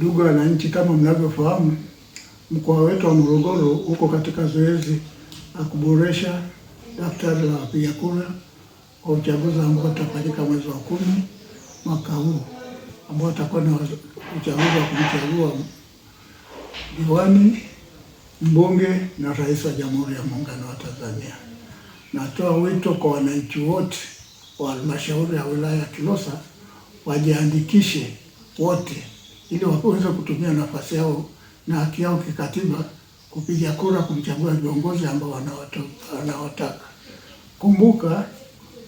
Ndugu wananchi, kama mnavyofahamu, mkoa wetu wa Morogoro uko katika zoezi la kuboresha daftari la wapiga kura kwa uchaguzi ambao utafanyika mwezi wa kumi mwaka huu ambao utakuwa ni uchaguzi wa kumchagua diwani, mbunge na rais wa Jamhuri ya Muungano wa Tanzania. Natoa wito kwa wananchi wote wa halmashauri ya wilaya ya Kilosa wajiandikishe wote ili waweze kutumia nafasi yao na haki yao kikatiba kupiga kura kumchagua viongozi ambao wanawataka. Kumbuka,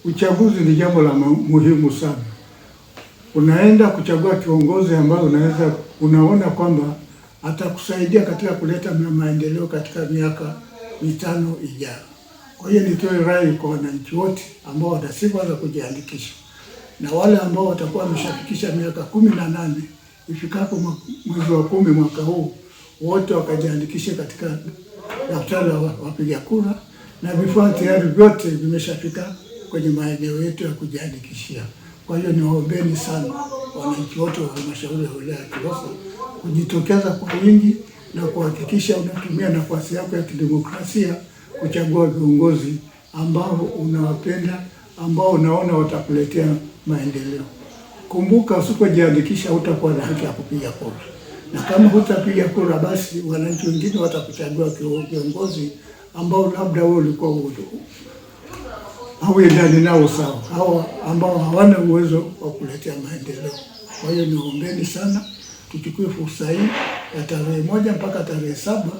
uchaguzi ni jambo la muhimu sana. Unaenda kuchagua kiongozi ambayo unaweza unaona kwamba atakusaidia katika kuleta maendeleo katika miaka mitano ijayo. Kwa hiyo nitoe rai kwa wananchi wote ambao wana sifa za kujiandikisha na wale ambao watakuwa wameshafikisha miaka kumi na nane ifikapo mwezi wa kumi mwaka huu wote wakajiandikisha katika daftari la wapiga kura, na vifaa tayari vyote vimeshafika kwenye maeneo yetu ya kujiandikishia. Kwa hiyo niwaombeni sana wananchi wote wa halmashauri ya wilaya ya Kilosa kujitokeza kwa wingi na kuhakikisha unatumia nafasi yako ya kidemokrasia kuchagua viongozi ambao unawapenda, ambao unaona watakuletea maendeleo. Kumbuka, usipojiandikisha hutakuwa na haki ya kupiga kura, na kama hutapiga kura, basi wananchi wengine watakuchagua kiongozi ambao labda wewe ulikuwa hauendani nao sawa, hawa ambao hawana uwezo wa kuletea maendeleo. Kwa hiyo niombeni sana, tuchukue fursa hii ya tarehe moja mpaka tarehe saba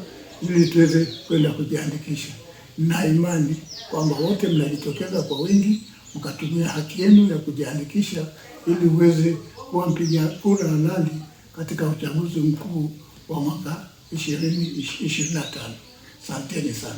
ili tuweze kwenda kujiandikisha, na imani kwamba wote mnajitokeza kwa wingi mkatumia haki yenu ya kujiandikisha ili uweze kuwa mpiga kura halali katika uchaguzi mkuu wa mwaka 2025. Asanteni sana.